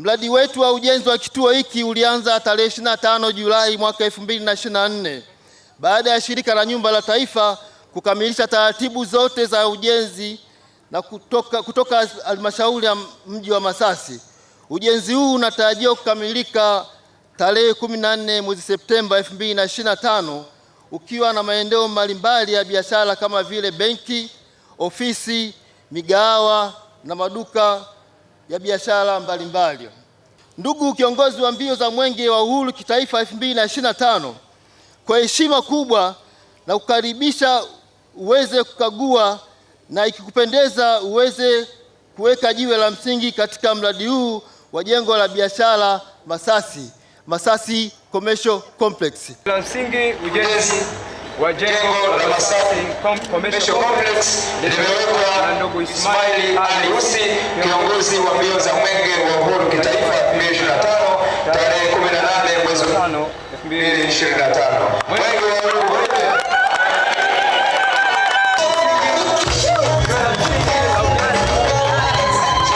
Mradi wetu wa ujenzi wa kituo hiki ulianza tarehe 25 Julai mwaka 2024 baada ya Shirika la Nyumba la Taifa kukamilisha taratibu zote za ujenzi na kutoka kutoka halmashauri ya mji wa Masasi. Ujenzi huu unatarajiwa kukamilika tarehe 14 mwezi Septemba 2025 ukiwa na maeneo mbalimbali ya biashara kama vile benki, ofisi, migahawa na maduka ya biashara mbalimbali. Ndugu kiongozi wa mbio za Mwenge wa Uhuru kitaifa 2025, kwa heshima kubwa na kukaribisha uweze kukagua na ikikupendeza uweze kuweka jiwe la msingi katika mradi huu wa jengo la biashara Masasi, Masasi Commercial Complex. La msingi ujenzi wa jengo la Commercial Complex limewekwa na ndugu Ismail Ali kiongozi wa mbio za mwenge wa uhuru kitaifa 2025 tarehe 18 mwezi wa 5 2025. Mwenge wa uhuru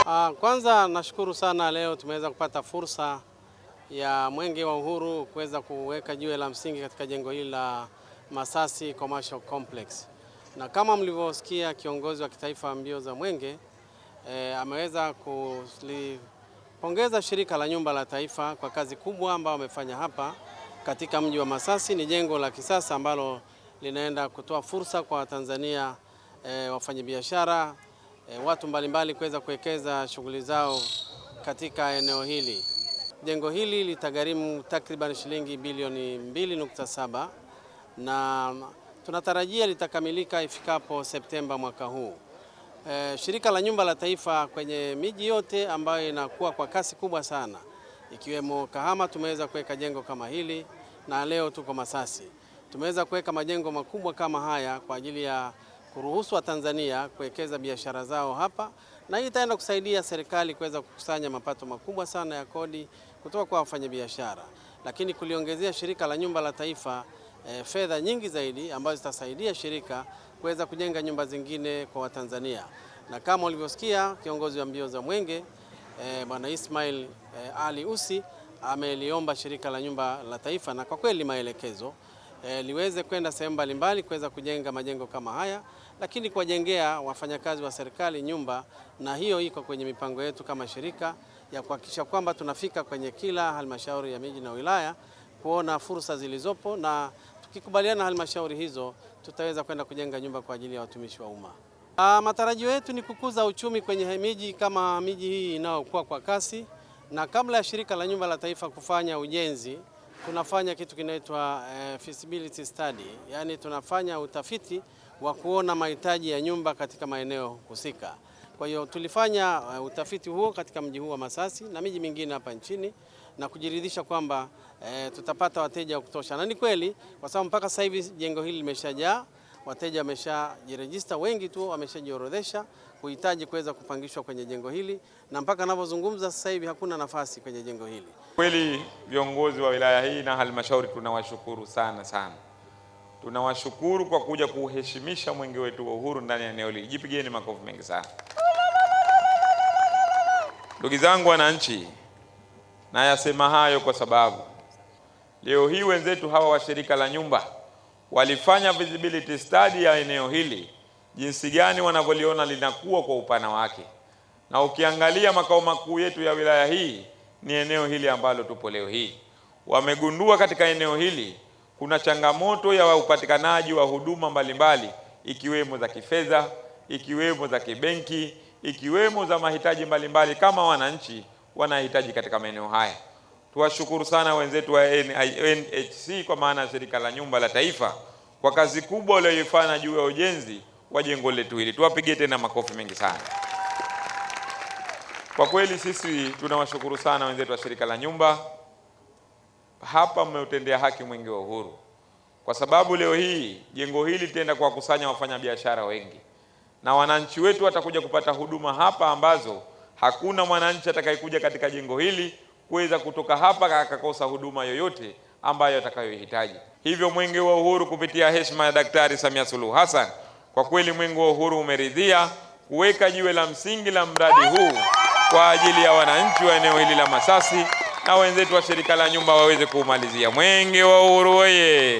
ah, Kwanza nashukuru sana leo tumeweza kupata fursa ya mwenge wa uhuru kuweza kuweka jiwe la msingi katika jengo hili la Masasi Commercial Complex. Na kama mlivyosikia kiongozi wa kitaifa mbio za Mwenge e, ameweza kulipongeza shirika la nyumba la taifa kwa kazi kubwa ambayo wamefanya hapa katika mji wa Masasi. Ni jengo la kisasa ambalo linaenda kutoa fursa kwa tanzania e, wafanyabiashara e, watu mbalimbali kuweza kuwekeza shughuli zao katika eneo hili. Jengo hili litagharimu takriban shilingi bilioni 2.7 na tunatarajia litakamilika ifikapo Septemba mwaka huu. E, shirika la nyumba la taifa kwenye miji yote ambayo inakuwa kwa kasi kubwa sana ikiwemo Kahama tumeweza kuweka jengo kama hili, na leo tuko Masasi tumeweza kuweka majengo makubwa kama haya kwa ajili ya kuruhusu Watanzania kuwekeza biashara zao hapa, na hii itaenda kusaidia serikali kuweza kukusanya mapato makubwa sana ya kodi kutoka kwa wafanyabiashara, lakini kuliongezea shirika la nyumba la taifa e, fedha nyingi zaidi ambazo zitasaidia shirika kuweza kujenga nyumba zingine kwa Watanzania. Na kama ulivyosikia kiongozi wa mbio za Mwenge e, Bwana Ismail e, Ali Usi ameliomba shirika la nyumba la taifa, na kwa kweli maelekezo e, liweze kwenda sehemu mbalimbali kuweza kujenga majengo kama haya, lakini kuwajengea wafanyakazi wa serikali nyumba, na hiyo iko kwenye mipango yetu kama shirika ya kuhakikisha kwamba tunafika kwenye kila halmashauri ya miji na wilaya kuona fursa zilizopo na tukikubaliana na halmashauri hizo tutaweza kwenda kujenga nyumba kwa ajili ya watumishi wa umma. Ah, matarajio yetu ni kukuza uchumi kwenye miji kama miji hii inayokuwa kwa kasi, na kabla ya shirika la nyumba la taifa kufanya ujenzi tunafanya kitu kinaitwa eh, feasibility study, yaani tunafanya utafiti wa kuona mahitaji ya nyumba katika maeneo husika. Kwa hiyo tulifanya eh, utafiti huo katika mji huu wa Masasi na miji mingine hapa nchini na kujiridhisha kwamba e, tutapata wateja wa kutosha, na ni kweli, kwa sababu mpaka sasa hivi jengo hili limeshajaa wateja, wameshajirejista wengi tu, wameshajiorodhesha kuhitaji kuweza kupangishwa kwenye jengo hili, na mpaka anavyozungumza sasa hivi hakuna nafasi kwenye jengo hili. Kweli viongozi wa wilaya hii na halmashauri tunawashukuru sana sana, tunawashukuru kwa kuja kuuheshimisha mwenge wetu wa uhuru ndani ya eneo hili. Jipigeni makofi mengi sana ndugu zangu wananchi. Nayasema hayo kwa sababu leo hii wenzetu hawa wa shirika la nyumba walifanya visibility study ya eneo hili, jinsi gani wanavyoliona linakuwa kwa upana wake, na ukiangalia makao makuu yetu ya wilaya hii ni eneo hili ambalo tupo leo hii. Wamegundua katika eneo hili kuna changamoto ya upatikanaji wa huduma mbalimbali, ikiwemo za kifedha, ikiwemo za kibenki, ikiwemo za mahitaji mbalimbali mbali kama wananchi wanahitaji katika maeneo haya. Tuwashukuru sana wenzetu wa NHC kwa maana ya shirika la nyumba la taifa kwa kazi kubwa walioifanya juu ya ujenzi wa jengo letu hili, tuwapigie tena makofi mengi sana. Kwa kweli sisi tunawashukuru sana wenzetu wa shirika la nyumba hapa, mmeutendea haki mwingi wa uhuru, kwa sababu leo hii jengo hili litaenda kuwakusanya wafanyabiashara wengi na wananchi wetu watakuja kupata huduma hapa ambazo Hakuna mwananchi atakayekuja katika jengo hili kuweza kutoka hapa akakosa huduma yoyote ambayo atakayohitaji. Hivyo Mwenge wa Uhuru kupitia heshima ya Daktari Samia Suluhu Hassan, kwa kweli Mwenge wa Uhuru umeridhia kuweka jiwe la msingi la mradi huu kwa ajili ya wananchi wa eneo hili la Masasi na wenzetu wa shirika la nyumba waweze kuumalizia. Mwenge wa Uhuru oye!